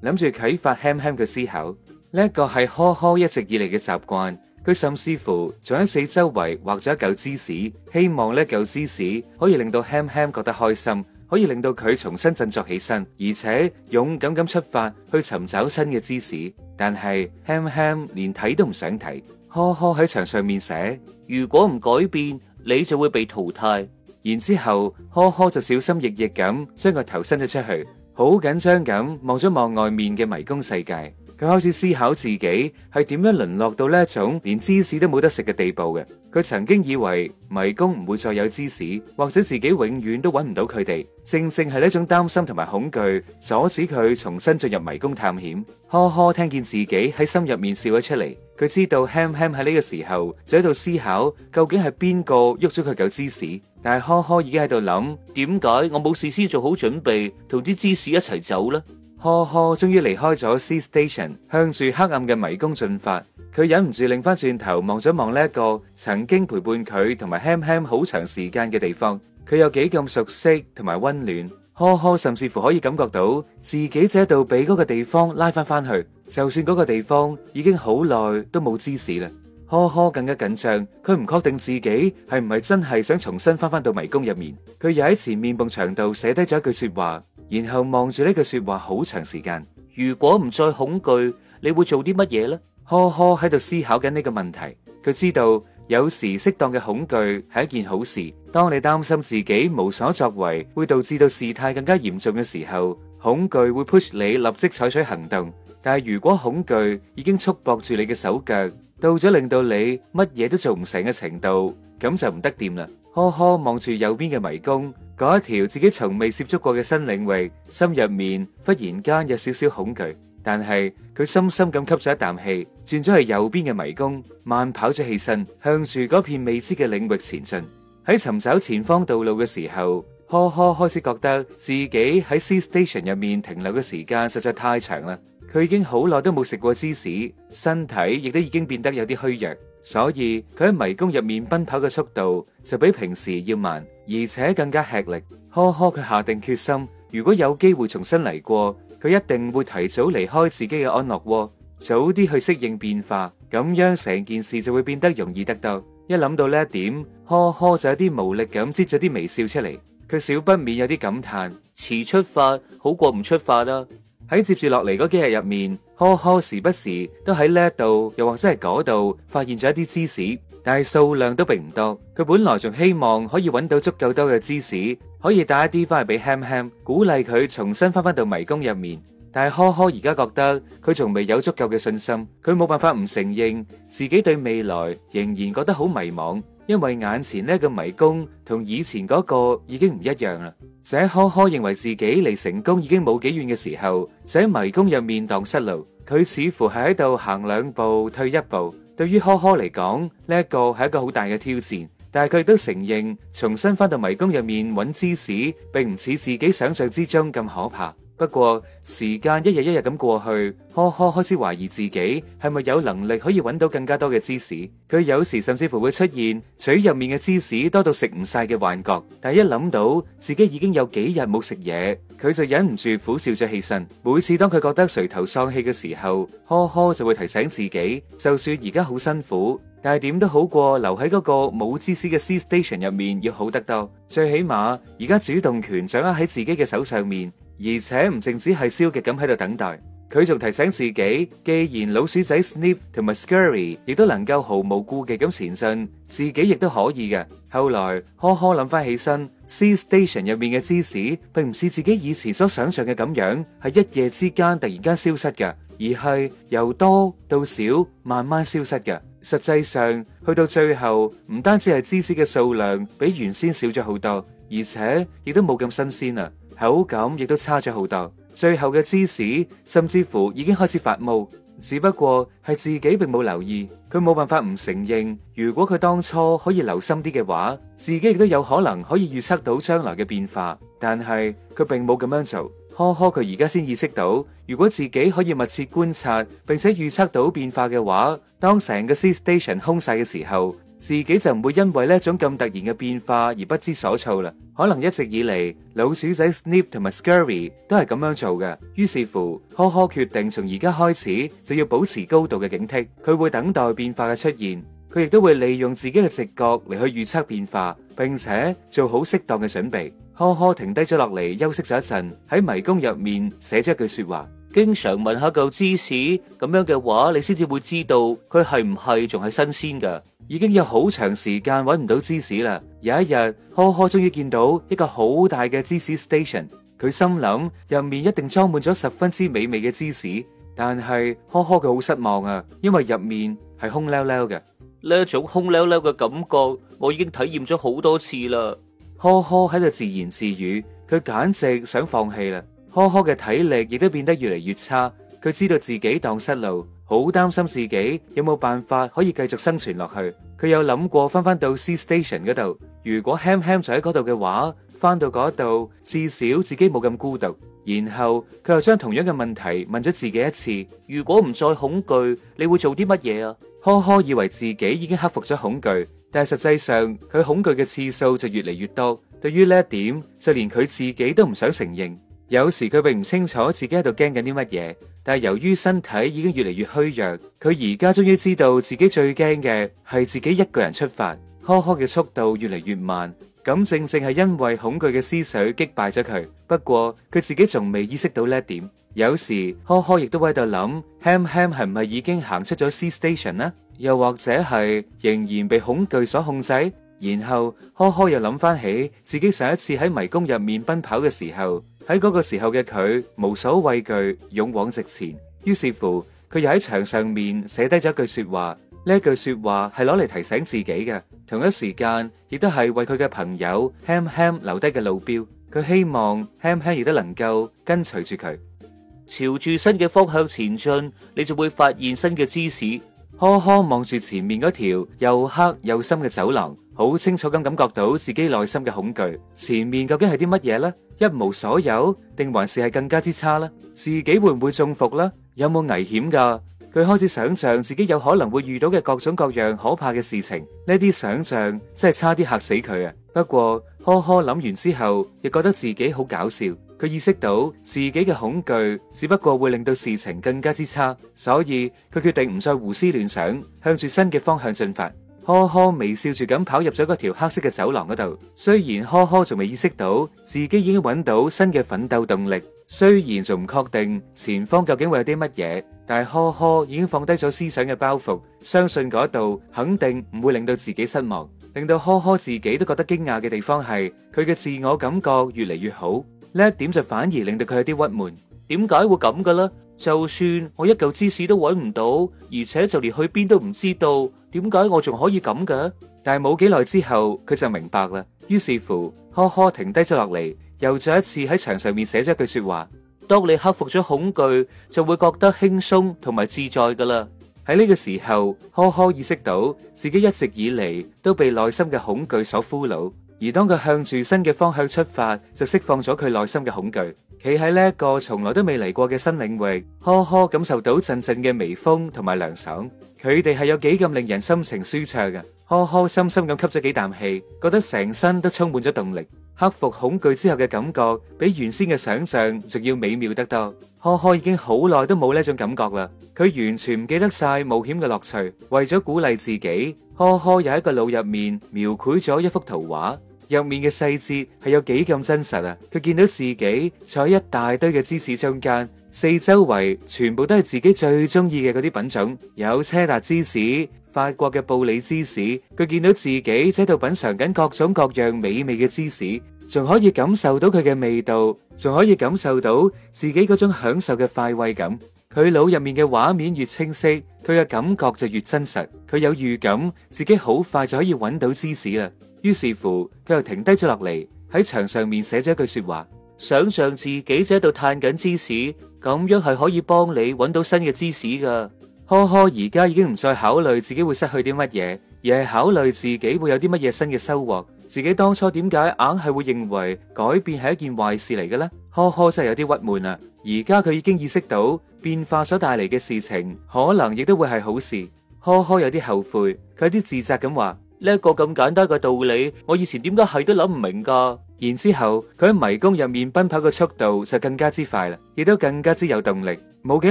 諗住啟發 Ham Ham 嘅思考。呢一個係呵呵一直以嚟嘅習慣。佢甚至乎仲喺四周圍畫咗一嚿芝士，希望呢嚿芝士可以令到 Ham Ham 覺得開心。可以令到佢重新振作起身，而且勇敢咁出發去尋找新嘅芝士。但係，ham ham 連睇都唔想睇，呵呵喺牆上面寫：如果唔改變，你就會被淘汰。然之後，呵呵就小心翼翼咁將個頭伸咗出去，好緊張咁望咗望外面嘅迷宮世界。佢開始思考自己係點樣淪落到呢一種連芝士都冇得食嘅地步嘅。佢曾經以為迷宮唔會再有芝士，或者自己永遠都揾唔到佢哋。正正係呢一種擔心同埋恐懼，阻止佢重新進入迷宮探險。呵呵，聽見自己喺心入面笑咗出嚟，佢知道 Ham Ham 喺呢個時候就喺度思考究竟係邊個喐咗佢嚿芝士。但係呵呵已經喺度諗，點解我冇事先做好準備，同啲芝士一齊走呢？呵呵，赫赫終於離開咗 C Station，向住黑暗嘅迷宮進發。佢忍唔住擰翻轉頭望咗望呢一個曾經陪伴佢同埋 Ham Ham 好長時間嘅地方，佢有幾咁熟悉同埋溫暖。呵呵，甚至乎可以感覺到自己喺度俾嗰個地方拉翻翻去。就算嗰個地方已經好耐都冇芝士啦。呵呵，更加緊張。佢唔確定自己係唔係真係想重新翻返到迷宮入面。佢又喺前面埲牆度寫低咗一句說話。然後望住呢句說話好長時間，如果唔再恐懼，你會做啲乜嘢呢？呵呵，喺度思考緊呢個問題。佢知道有時適當嘅恐懼係一件好事。當你擔心自己無所作為，會導致到事態更加嚴重嘅時候，恐懼會 push 你立即採取行動。但係如果恐懼已經束縛住你嘅手腳，到咗令到你乜嘢都做唔成嘅程度，咁就唔得掂啦。呵呵，望住右邊嘅迷宮。嗰一條自己從未涉足過嘅新領域，心入面忽然間有少少恐懼，但係佢深深咁吸咗一啖氣，轉咗去右邊嘅迷宮，慢跑咗起身，向住嗰片未知嘅領域前進。喺尋找前方道路嘅時候，呵呵，開始覺得自己喺 C Station 入面停留嘅時間實在太長啦。佢已經好耐都冇食過芝士，身體亦都已經變得有啲虛弱，所以佢喺迷宮入面奔跑嘅速度就比平時要慢。而且更加吃力，呵呵，佢下定決心，如果有機會重新嚟過，佢一定會提早離開自己嘅安樂窩，早啲去適應變化，咁樣成件事就會變得容易得多。一諗到呢一點，呵呵就有啲無力咁擠咗啲微笑出嚟，佢少不免有啲感嘆：遲出發好過唔出發啦，啊。喺接住落嚟嗰幾日入面，呵呵時不時都喺呢一度又或者係嗰度發現咗一啲芝士。但係數量都並唔多。佢本來仲希望可以揾到足夠多嘅芝士，可以帶一啲翻去俾 Ham Ham，鼓勵佢重新翻翻到迷宮入面。但係呵呵而家覺得佢仲未有足夠嘅信心，佢冇辦法唔承認自己對未來仍然覺得好迷茫，因為眼前呢個迷宮同以前嗰個已經唔一樣啦。就喺呵呵認為自己離成功已經冇幾遠嘅時候，就喺迷宮入面蕩失路。佢似乎係喺度行兩步退一步。對於珂珂嚟講，呢、這個、一個係一個好大嘅挑戰，但係佢亦都承認，重新返到迷宮入面揾芝士，並唔似自己想象之中咁可怕。不過時間一,一日一日咁過去，呵呵開始懷疑自己係咪有能力可以揾到更加多嘅芝士。佢有時甚至乎會出現嘴入面嘅芝士多到食唔晒嘅幻覺。但一諗到自己已經有幾日冇食嘢，佢就忍唔住苦笑咗起身。每次當佢覺得垂頭喪氣嘅時候，呵呵就會提醒自己，就算而家好辛苦，但係點都好過留喺嗰個冇芝士嘅 C Station 入面要好得多。最起碼而家主動權掌握喺自己嘅手上面。而且唔淨止係消極咁喺度等待，佢仲提醒自己，既然老鼠仔 Sniff 同埋 Scurry 亦都能夠毫無顧忌咁前進，自己亦都可以嘅。後來，呵呵諗翻起身，C station 入面嘅芝士並唔似自己以前所想象嘅咁樣，係一夜之間突然間消失嘅，而係由多到少慢慢消失嘅。實際上，去到最後，唔單止係芝士嘅數量比原先少咗好多，而且亦都冇咁新鮮啊。口感亦都差咗好多，最後嘅芝士甚至乎已經開始發毛，只不過係自己並冇留意，佢冇辦法唔承認。如果佢當初可以留心啲嘅話，自己亦都有可能可以預測到將來嘅變化，但係佢並冇咁樣做，呵呵，佢而家先意識到，如果自己可以密切觀察並且預測到變化嘅話，當成個 C Station 空晒嘅時候。自己就唔會因為呢一種咁突然嘅變化而不知所措啦。可能一直以嚟，老鼠仔 Snip 同埋 Scurry 都係咁樣做嘅。於是乎，呵呵決定從而家開始就要保持高度嘅警惕。佢會等待變化嘅出現，佢亦都會利用自己嘅直覺嚟去預測變化，並且做好適當嘅準備。呵呵，停低咗落嚟休息咗一陣，喺迷宮入面寫咗一句說話：經常問下嚿芝士，咁樣嘅話，你先至會知道佢係唔係仲係新鮮嘅。已經有好長時間揾唔到芝士啦！有一日，呵呵終於見到一個好大嘅芝士 station，佢心諗入面一定裝滿咗十分之美味嘅芝士，但係呵呵佢好失望啊，因為入面係空溜溜嘅。呢一種空溜溜嘅感覺，我已經體驗咗好多次啦。呵呵喺度自言自語，佢簡直想放棄啦。呵呵嘅體力亦都變得越嚟越差，佢知道自己蕩失路。好擔心自己有冇辦法可以繼續生存落去。佢有諗過翻返到 C Station 嗰度，如果 Ham Ham 就喺嗰度嘅話，翻到嗰度至少自己冇咁孤獨。然後佢又將同樣嘅問題問咗自己一次。如果唔再恐懼，你會做啲乜嘢啊？呵呵，以為自己已經克服咗恐懼，但係實際上佢恐懼嘅次數就越嚟越多。對於呢一點，就連佢自己都唔想承認。有時佢並唔清楚自己喺度驚緊啲乜嘢。但由於身體已經越嚟越虛弱，佢而家終於知道自己最驚嘅係自己一個人出發。呵呵嘅速度越嚟越慢，咁正正係因為恐懼嘅思緒擊敗咗佢。不過佢自己仲未意識到呢一點。有時呵呵亦都喺度諗，Ham Ham 係唔係已經行出咗 C Station 呢？又或者係仍然被恐懼所控制？然後呵呵又諗翻起自己上一次喺迷宮入面奔跑嘅時候。喺嗰個時候嘅佢無所畏懼，勇往直前。於是乎，佢又喺牆上面寫低咗一句說話。呢句說話係攞嚟提醒自己嘅，同一時間亦都係為佢嘅朋友 Ham Ham 留低嘅路標。佢希望 Ham Ham 亦都能夠跟隨住佢， (laughs) 朝住新嘅方向前進。你就會發現新嘅芝士。呵呵，望住前面嗰條又黑又深嘅走廊，好清楚咁感覺到自己內心嘅恐懼。前面究竟係啲乜嘢呢？一無所有，定還是係更加之差啦？自己會唔會中伏啦？有冇危險㗎？佢開始想象自己有可能會遇到嘅各種各樣可怕嘅事情，呢啲想象真係差啲吓死佢啊！不過，呵呵，諗完之後，亦覺得自己好搞笑。佢意識到自己嘅恐懼只不過會令到事情更加之差，所以佢決定唔再胡思亂想，向住新嘅方向進發。呵呵，微笑住咁跑入咗嗰條黑色嘅走廊嗰度，雖然呵呵仲未意識到自己已經揾到新嘅奮鬥動力，雖然仲唔確定前方究竟會有啲乜嘢，但係呵呵已經放低咗思想嘅包袱，相信嗰度肯定唔會令到自己失望。令到呵呵自己都覺得驚訝嘅地方係佢嘅自我感覺越嚟越好，呢一點就反而令到佢有啲鬱悶。點解會咁嘅呢？就算我一嚿芝士都揾唔到，而且就連去邊都唔知道。點解我仲可以咁嘅？但係冇幾耐之後，佢就明白啦。於是乎，呵呵停低咗落嚟，又再一次喺牆上面寫咗一句說話：當你克服咗恐懼，就會覺得輕鬆同埋自在噶啦。喺呢個時候，呵呵意識到自己一直以嚟都被內心嘅恐懼所俘虜。而當佢向住新嘅方向出發，就釋放咗佢內心嘅恐懼。企喺呢一個從來都未嚟過嘅新領域，呵呵感受到陣陣嘅微風同埋涼爽。佢哋係有幾咁令人心情舒暢啊！呵呵深深咁吸咗幾啖氣，覺得成身都充滿咗動力。克服恐懼之後嘅感覺，比原先嘅想象仲要美妙得多。呵呵已經好耐都冇呢種感覺啦，佢完全唔記得晒冒險嘅樂趣。為咗鼓勵自己，呵呵又喺個腦入面描繪咗一幅圖畫。入面嘅細節係有幾咁真實啊！佢見到自己坐喺一大堆嘅芝士中間，四周圍全部都係自己最中意嘅嗰啲品種，有車達芝士、法國嘅布里芝士。佢見到自己喺度品嘗緊各種各樣美味嘅芝士，仲可以感受到佢嘅味道，仲可以感受到自己嗰種享受嘅快慰感。佢腦入面嘅畫面越清晰，佢嘅感覺就越真實。佢有預感自己好快就可以揾到芝士啦。於是乎，佢又停低咗落嚟，喺牆上面寫咗一句說話：想象自己就喺度嘆緊芝士，咁樣係可以幫你揾到新嘅芝士噶。呵呵，而家已經唔再考慮自己會失去啲乜嘢，而係考慮自己會有啲乜嘢新嘅收穫。自己當初點解硬係會認為改變係一件壞事嚟嘅呢？呵呵真，真係有啲鬱悶啊！而家佢已經意識到變化所帶嚟嘅事情，可能亦都會係好事。呵呵，有啲後悔，佢有啲自責咁話。呢一個咁簡單嘅道理，我以前點解係都諗唔明噶。然之後佢喺迷宮入面奔跑嘅速度就更加之快啦，亦都更加之有動力。冇幾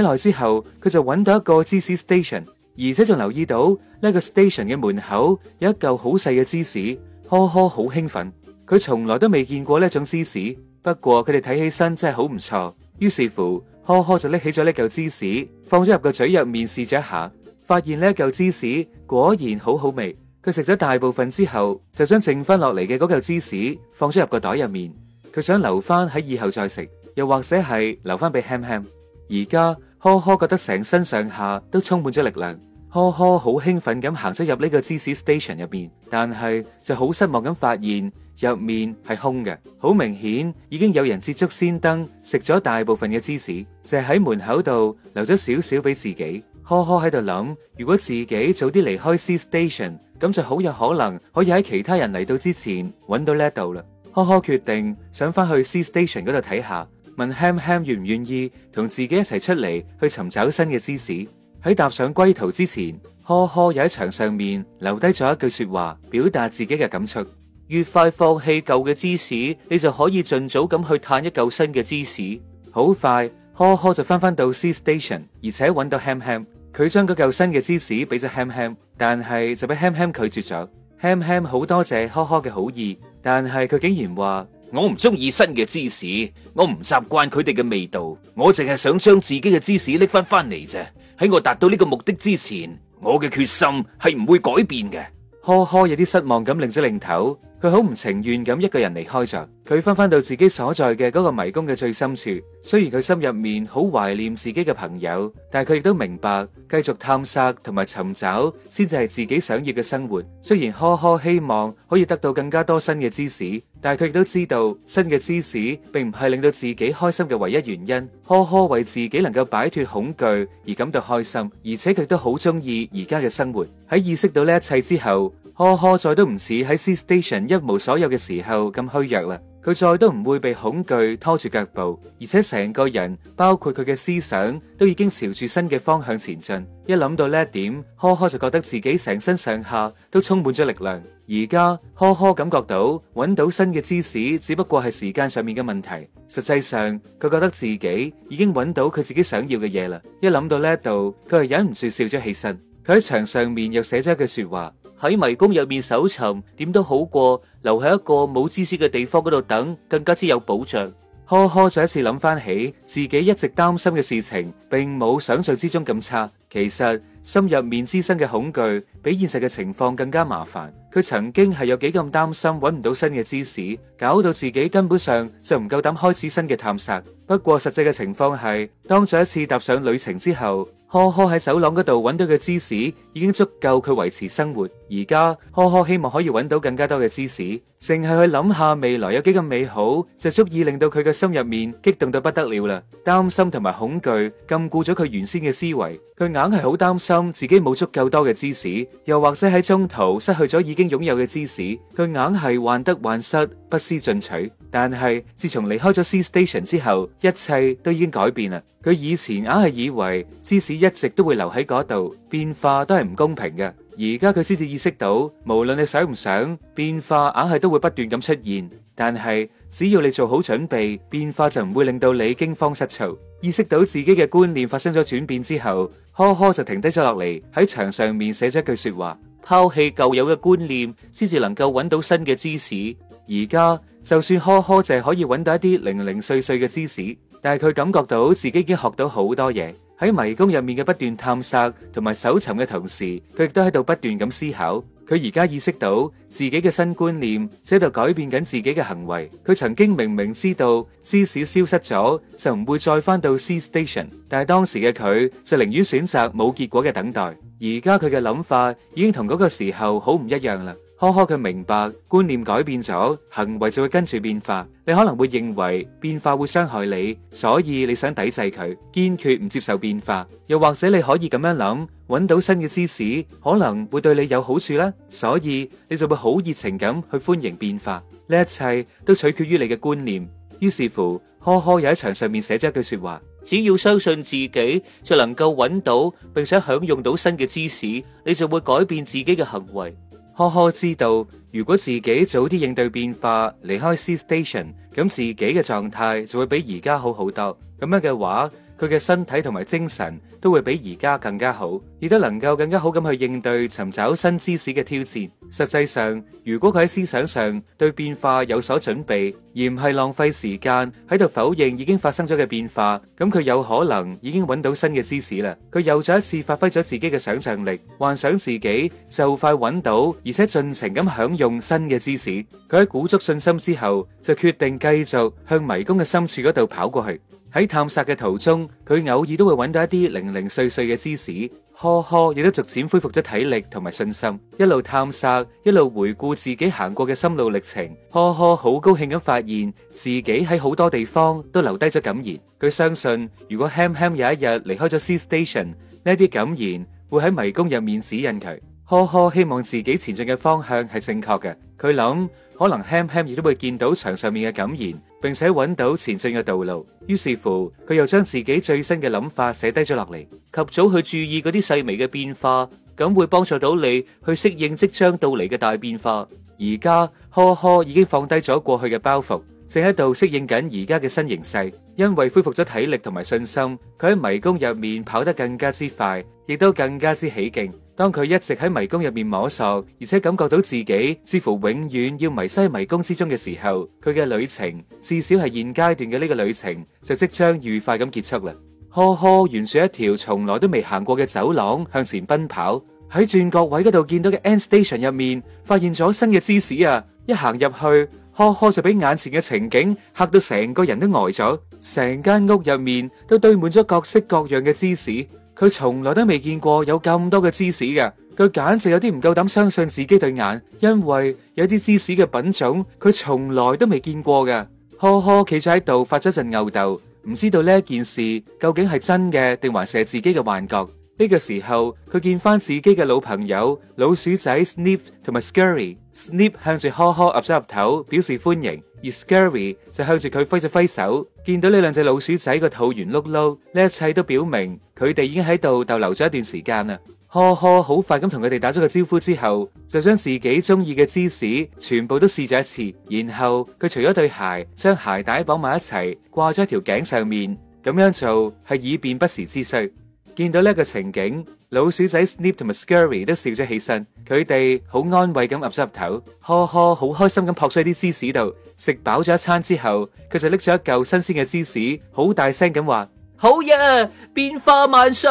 耐之後，佢就揾到一個芝士 station，而且仲留意到呢個 station 嘅門口有一嚿好細嘅芝士。呵呵，好興奮，佢從來都未見過呢一種芝士。不過佢哋睇起身真係好唔錯。於是乎，呵呵就拎起咗呢嚿芝士，放咗入個嘴入面試咗一下，發現呢一嚿芝士果然好好味。佢食咗大部分之後，就將剩翻落嚟嘅嗰嚿芝士放咗入個袋入面。佢想留翻喺以後再食，又或者係留翻俾喊喊。而家呵呵覺得成身上下都充滿咗力量，呵呵好興奮咁行咗入呢個芝士 station 入面，但係就好失望咁發現入面係空嘅。好明顯已經有人捷足先登食咗大部分嘅芝士，淨係喺門口度留咗少少俾自己。呵呵喺度諗，如果自己早啲離開芝士 station。咁就好有可能可以喺其他人嚟到之前揾到呢度啦。呵呵，決定想翻去 C station 嗰度睇下，問 Ham Ham 願唔願意同自己一齊出嚟去尋找新嘅芝士。喺踏上歸途之前，呵呵又喺牆上面留低咗一句說話，表達自己嘅感觸。越快放棄舊嘅芝士，你就可以盡早咁去嘆一舊新嘅芝士。好快，呵呵，就翻返到 C station，而且揾到 Ham Ham。佢將嗰嚿新嘅芝士俾咗 ham ham，但係就俾 ham ham 拒絕咗。ham ham 好多謝呵呵嘅好意，但係佢竟然話我唔中意新嘅芝士，我唔習慣佢哋嘅味道，我淨係想將自己嘅芝士拎翻翻嚟啫。喺我達到呢個目的之前，我嘅決心係唔會改變嘅。呵呵，有啲失望咁擰咗擰頭。佢好唔情願咁一個人離開咗，佢翻返到自己所在嘅嗰個迷宮嘅最深處。雖然佢心入面好懷念自己嘅朋友，但係佢亦都明白，繼續探索同埋尋找先至係自己想要嘅生活。雖然呵呵希望可以得到更加多新嘅知識，但係佢亦都知道新嘅知識並唔係令到自己開心嘅唯一原因。呵呵為自己能夠擺脫恐懼而感到開心，而且佢都好中意而家嘅生活。喺意識到呢一切之後。呵呵，呵呵再都唔似喺 C Station 一無所有嘅時候咁虛弱啦。佢再都唔會被恐懼拖住腳步，而且成個人包括佢嘅思想都已經朝住新嘅方向前進。一諗到呢一點，呵呵，就覺得自己成身上下都充滿咗力量。而家呵呵，呵呵感覺到揾到新嘅芝士只不過係時間上面嘅問題。實際上佢覺得自己已經揾到佢自己想要嘅嘢啦。一諗到呢一度，佢係忍唔住笑咗起身。佢喺牆上面又寫咗一句說話。喺迷宮入面搜尋，點都好過留喺一個冇芝士嘅地方嗰度等，更加之有保障。呵呵，再一次諗翻起自己一直擔心嘅事情，並冇想象之中咁差。其實心入面滋生嘅恐懼，比現實嘅情況更加麻煩。佢曾經係有幾咁擔心，揾唔到新嘅芝士，搞到自己根本上就唔夠膽開始新嘅探索。不過實際嘅情況係，當再一次踏上旅程之後。柯柯喺走廊嗰度揾到嘅芝士已經足夠佢維持生活，而家柯柯希望可以揾到更加多嘅芝士，淨係去諗下未來有幾咁美好，就足以令到佢嘅心入面激動到不得了啦。擔心同埋恐懼禁錮咗佢原先嘅思維，佢硬係好擔心自己冇足夠多嘅芝士，又或者喺中途失去咗已經擁有嘅芝士，佢硬係患得患失，不思進取。但係自從離開咗 C Station 之後，一切都已經改變啦。佢以前硬係以為芝士。一直都會留喺嗰度，變化都係唔公平嘅。而家佢先至意識到，無論你想唔想，變化硬係都會不斷咁出現。但係只要你做好準備，變化就唔會令到你驚慌失措。意識到自己嘅觀念發生咗轉變之後，呵呵就停低咗落嚟喺牆上面寫咗一句說話：拋棄舊有嘅觀念，先至能夠揾到新嘅芝士。而家就算呵呵淨係可以揾到一啲零零碎碎嘅芝士，但係佢感覺到自己已經學到好多嘢。喺迷宮入面嘅不斷探索同埋搜尋嘅同時，佢亦都喺度不斷咁思考。佢而家意識到自己嘅新觀念，就喺度改變緊自己嘅行為。佢曾經明明知道芝士消失咗就唔會再翻到 C Station，但係當時嘅佢就寧願選擇冇結果嘅等待。而家佢嘅諗法已經同嗰個時候好唔一樣啦。呵呵，佢明白觀念改變咗，行為就會跟住變化。你可能會認為變化會傷害你，所以你想抵制佢，堅決唔接受變化。又或者你可以咁樣諗，搵到新嘅知識可能會對你有好處啦，所以你就會好熱情咁去歡迎變化。呢一切都取決於你嘅觀念。於是乎，呵呵，又喺牆上面寫咗一句說話：只要相信自己，就能夠搵到，並且享用到新嘅知識，你就會改變自己嘅行為。呵呵知道，如果自己早啲應對變化，離開 C station，咁自己嘅狀態就會比而家好好多。咁樣嘅話，佢嘅身體同埋精神。都會比而家更加好，亦都能夠更加好咁去應對尋找新知識嘅挑戰。實際上，如果佢喺思想上對變化有所準備，而唔係浪費時間喺度否認已經發生咗嘅變化，咁佢有可能已經揾到新嘅知識啦。佢又再一次發揮咗自己嘅想象力，幻想自己就快揾到，而且盡情咁享用新嘅知識。佢喺鼓足信心之後，就決定繼續向迷宮嘅深處嗰度跑過去。喺探索嘅途中，佢偶爾都會揾到一啲零零碎碎嘅芝士，呵呵亦都逐漸恢復咗體力同埋信心。一路探索，一路回顧自己行過嘅心路歷程，呵呵好高興咁發現自己喺好多地方都留低咗感言。佢相信，如果 Ham Ham 有一日離開咗 C Station，呢啲感言會喺迷宮入面指引佢。呵呵希望自己前進嘅方向係正確嘅，佢諗可能 Ham Ham 亦都會見到牆上面嘅感言。並且揾到前進嘅道路，於是乎佢又將自己最新嘅諗法寫低咗落嚟，及早去注意嗰啲細微嘅變化，咁會幫助到你去適應即將到嚟嘅大變化。而家，呵呵已經放低咗過去嘅包袱，正喺度適應緊而家嘅新形勢。因為恢復咗體力同埋信心，佢喺迷宮入面跑得更加之快，亦都更加之起勁。當佢一直喺迷宮入面摸索，而且感覺到自己似乎永遠要迷失迷宮之中嘅時候，佢嘅旅程至少係現階段嘅呢個旅程就即將愉快咁結束啦。呵呵，沿住一條從來都未行過嘅走廊向前奔跑，喺轉角位嗰度見到嘅 N Station 入面，發現咗新嘅芝士啊！一行入去，呵呵，就俾眼前嘅情景嚇到成個人都呆咗，成間屋入面都堆滿咗各式各樣嘅芝士。佢從來都未見過有咁多嘅芝士嘅，佢簡直有啲唔夠膽相信自己對眼，因為有啲芝士嘅品種佢從來都未見過嘅。呵呵，企咗喺度發咗陣吽逗，唔知道呢一件事究竟係真嘅定還是係自己嘅幻覺呢？個時候佢見翻自己嘅老朋友老鼠仔 Sniff 同埋 Scurry，Sniff 向住呵呵岌咗岌頭表示歡迎。而 Scary 就向住佢揮咗揮手，見到呢兩隻老鼠仔個肚圓碌碌，呢一切都表明佢哋已經喺度逗留咗一段時間啦。呵呵，好快咁同佢哋打咗個招呼之後，就將自己中意嘅芝士全部都試咗一次，然後佢除咗對鞋，將鞋帶綁埋一齊掛咗條頸上面，咁樣做係以便不時之需。見到呢一個情景，老鼠仔 Sniff 同埋 Scurry 都笑咗起身，佢哋好安慰咁岌咗岌頭，呵呵，好開心咁扑出一啲芝士度，食飽咗一餐之後，佢就拎咗一嚿新鮮嘅芝士，好大聲咁話：好嘢，變化萬歲！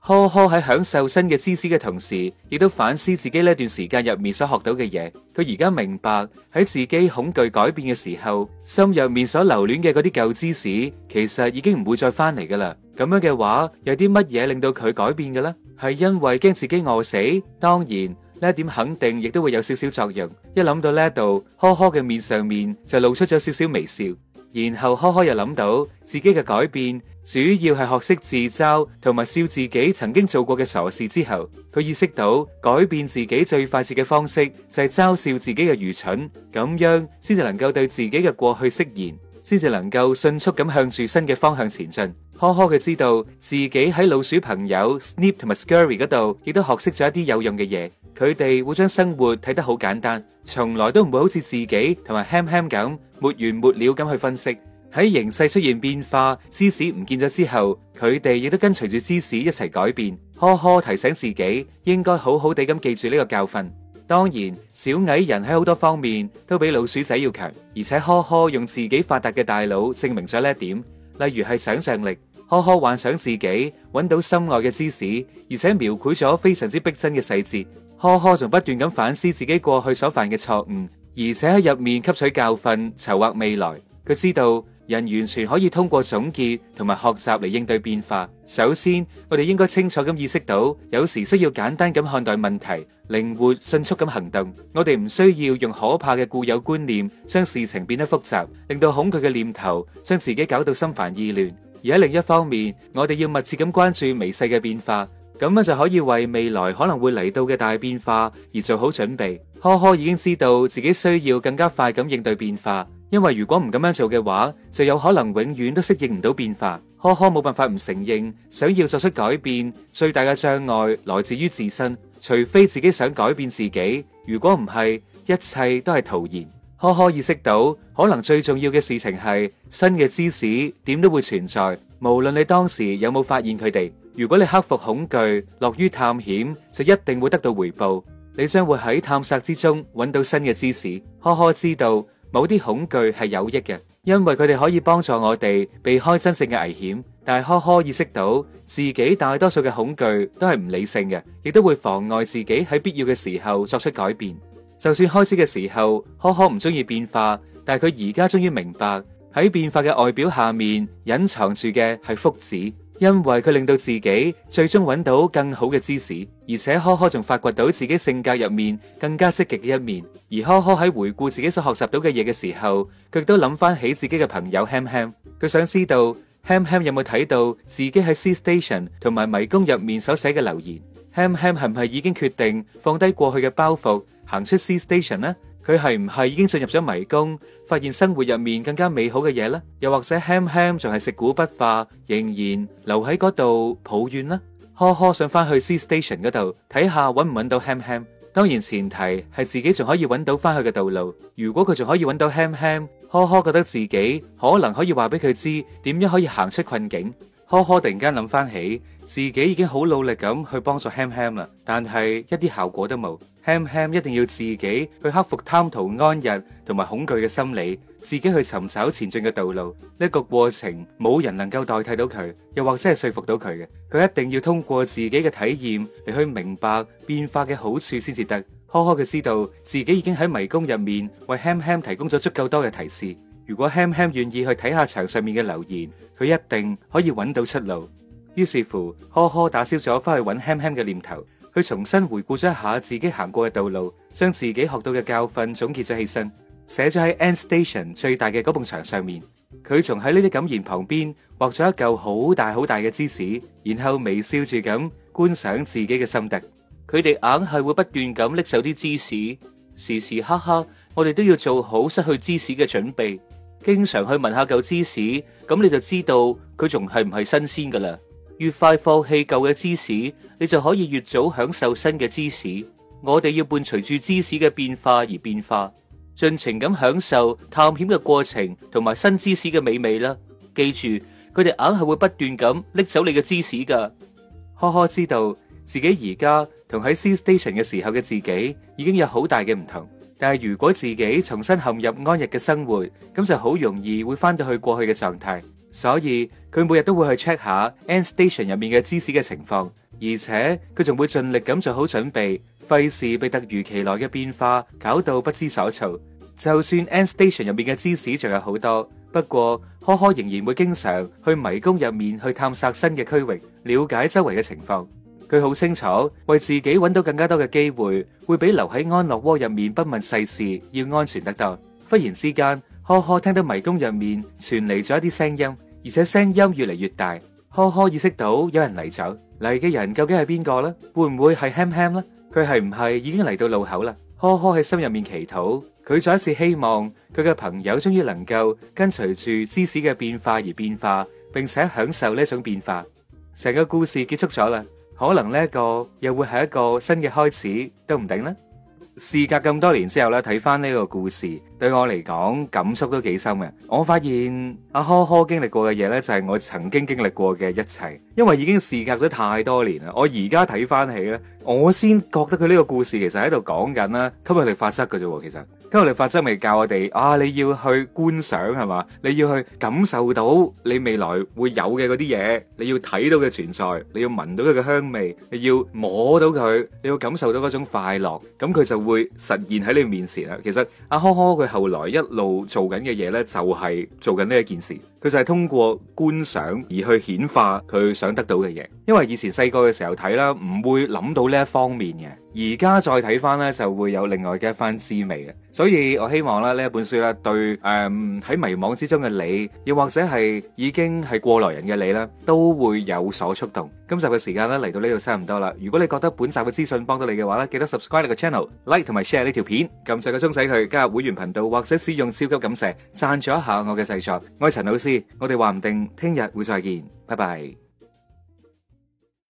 呵呵，喺享受新嘅芝士嘅同時，亦都反思自己呢一段時間入面所學到嘅嘢。佢而家明白喺自己恐懼改變嘅時候，心入面所留戀嘅嗰啲舊芝士，其實已經唔會再翻嚟㗎喇。咁樣嘅話，有啲乜嘢令到佢改變嘅呢？係因為驚自己餓死，當然呢一點肯定亦都會有少少作用。一諗到呢度，呵呵嘅面上面就露出咗少少微笑。然後呵呵又諗到自己嘅改變，主要係學識自嘲同埋笑自己曾經做過嘅傻事之後，佢意識到改變自己最快捷嘅方式就係嘲笑自己嘅愚蠢，咁樣先至能夠對自己嘅過去釋然，先至能夠迅速咁向住新嘅方向前進。呵呵，佢知道自己喺老鼠朋友 Snip 同埋 Scurry 嗰度，亦都學識咗一啲有用嘅嘢。佢哋會將生活睇得好簡單，從來都唔會好似自己同埋 Ham Ham 咁沒完沒了咁去分析。喺形勢出現變化，芝士唔見咗之後，佢哋亦都跟隨住芝士一齊改變。呵呵，提醒自己應該好好地咁記住呢個教訓。當然，小矮人喺好多方面都比老鼠仔要強，而且呵呵用自己發達嘅大腦證明咗呢一點。例如係想象力，呵呵幻想自己揾到心愛嘅芝士，而且描繪咗非常之逼真嘅細節。呵呵仲不斷咁反思自己過去所犯嘅錯誤，而且喺入面吸取教訓，籌劃未來。佢知道。人完全可以通過總結同埋學習嚟應對變化。首先，我哋應該清楚咁意識到，有時需要簡單咁看待問題，靈活迅速咁行動。我哋唔需要用可怕嘅固有觀念，將事情變得複雜，令到恐懼嘅念頭將自己搞到心煩意亂。而喺另一方面，我哋要密切咁關注微細嘅變化，咁樣就可以為未來可能會嚟到嘅大變化而做好準備。呵呵已經知道自己需要更加快咁應對變化。因為如果唔咁樣做嘅話，就有可能永遠都適應唔到變化。呵呵，冇辦法唔承認，想要作出改變，最大嘅障礙來自於自身。除非自己想改變自己，如果唔係，一切都係徒然。呵呵，意識到，可能最重要嘅事情係新嘅知識點都會存在，無論你當時有冇發現佢哋。如果你克服恐懼，樂於探險，就一定會得到回報。你將會喺探索之中揾到新嘅知識。呵呵，知道。某啲恐懼係有益嘅，因為佢哋可以幫助我哋避開真正嘅危險。但係呵呵意識到自己大多數嘅恐懼都係唔理性嘅，亦都會妨礙自己喺必要嘅時候作出改變。就算開始嘅時候，呵呵唔中意變化，但係佢而家終於明白喺變化嘅外表下面隱藏住嘅係福祉。因為佢令到自己最終揾到更好嘅芝士，而且呵呵仲發掘到自己性格入面更加積極嘅一面。而呵呵喺回顧自己所學習到嘅嘢嘅時候，佢都諗翻起自己嘅朋友 Ham Ham。佢想知道 Ham Ham 有冇睇到自己喺 C Station 同埋迷宮入面所寫嘅留言？Ham Ham 係唔係已經決定放低過去嘅包袱，行出 C Station 呢？佢係唔係已經進入咗迷宮，發現生活入面更加美好嘅嘢呢？又或者 Ham Ham 仲係食古不化，仍然留喺嗰度抱怨呢？呵呵想，想翻去 Sea Station 嗰度睇下，揾唔揾到 Ham Ham？當然前提係自己仲可以揾到翻去嘅道路。如果佢仲可以揾到 Ham h a m 呵呵，c 覺得自己可能可以話俾佢知點樣可以行出困境。呵呵，突然間諗翻起自己已經好努力咁去幫助 Ham Ham 啦，但係一啲效果都冇。Ham Ham 一定要自己去克服貪圖安逸同埋恐懼嘅心理，自己去尋找前進嘅道路。呢個過程冇人能夠代替到佢，又或者係說服到佢嘅。佢一定要通過自己嘅體驗嚟去明白變化嘅好處先至得。呵呵佢知道自己已經喺迷宮入面為 Ham Ham 提供咗足夠多嘅提示。如果 Ham Ham 願意去睇下牆上面嘅留言，佢一定可以揾到出路。於是乎，呵呵打消咗翻去揾 Ham Ham 嘅念頭。佢重新回顧咗一下自己行過嘅道路，將自己學到嘅教訓總結咗起身，寫咗喺 N Station 最大嘅嗰埲牆上面。佢仲喺呢啲感言旁邊畫咗一嚿好大好大嘅芝士，然後微笑住咁觀賞自己嘅心得。佢哋 (noise) 硬係會不斷咁拎走啲芝士，時時刻刻我哋都要做好失去芝士嘅準備。經常去聞下嚿芝士，咁你就知道佢仲係唔係新鮮噶啦。越快放棄舊嘅芝士，你就可以越早享受新嘅芝士。我哋要伴隨住芝士嘅變化而變化，盡情咁享受探險嘅過程同埋新芝士嘅美味啦。記住，佢哋硬係會不斷咁拎走你嘅芝士㗎。呵呵，知道自己而家同喺 C Station 嘅時候嘅自己已經有好大嘅唔同，但係如果自己重新陷入安逸嘅生活，咁就好容易會返到去過去嘅狀態。所以佢每日都會去 check 下 N Station 入面嘅芝士嘅情況，而且佢仲會盡力咁做好準備，費事被突如其來嘅變化搞到不知所措。就算 N Station 入面嘅芝士仲有好多，不過呵呵仍然會經常去迷宮入面去探索新嘅區域，了解周圍嘅情況。佢好清楚為自己揾到更加多嘅機會，會比留喺安樂窩入面不問世事要安全得多。忽然之間，呵呵聽到迷宮入面傳嚟咗一啲聲音。而且聲音越嚟越大，呵呵，意識到有人嚟咗，嚟嘅人究竟係邊個呢？會唔會係 Ham Ham 咧？佢係唔係已經嚟到路口啦？呵呵，喺心入面祈禱，佢再一次希望佢嘅朋友終於能夠跟隨住芝士嘅變化而變化，並且享受呢一種變化。成個故事結束咗啦，可能呢一個又會係一個新嘅開始都唔定呢。事隔咁多年之後呢，睇翻呢個故事。對我嚟講，感觸都幾深嘅。我發現阿呵呵經歷過嘅嘢呢，就係我曾經經歷過嘅一切，因為已經事隔咗太多年啦。我而家睇翻起呢，我先覺得佢呢個故事其實喺度講緊啦，吸引力法則嘅啫。其實吸引力法則咪教我哋啊，你要去觀賞係嘛，你要去感受到你未來會有嘅嗰啲嘢，你要睇到佢嘅存在，你要聞到佢嘅香味，你要摸到佢，你要感受到嗰種快樂，咁佢就會實現喺你面前啦。其實阿呵呵。哈哈後來一路做緊嘅嘢呢，就係做緊呢一件事。佢就係通過觀賞而去顯化佢想得到嘅嘢。因為以前細個嘅時候睇啦，唔會諗到呢一方面嘅。而家再睇翻咧，就會有另外嘅一番滋味嘅。所以我希望咧呢一本書咧，對誒喺迷茫之中嘅你，又或者係已經係過來人嘅你咧，都會有所觸動。今集嘅時間咧嚟到呢度差唔多啦。如果你覺得本集嘅資訊幫到你嘅話咧，記得 subscribe 呢個 channel、like 同埋 share 呢條片。撳上個鐘仔佢加入會員頻道，或者使用超級感謝贊助一下我嘅製作。我係陳老師，我哋話唔定聽日會再見。拜拜。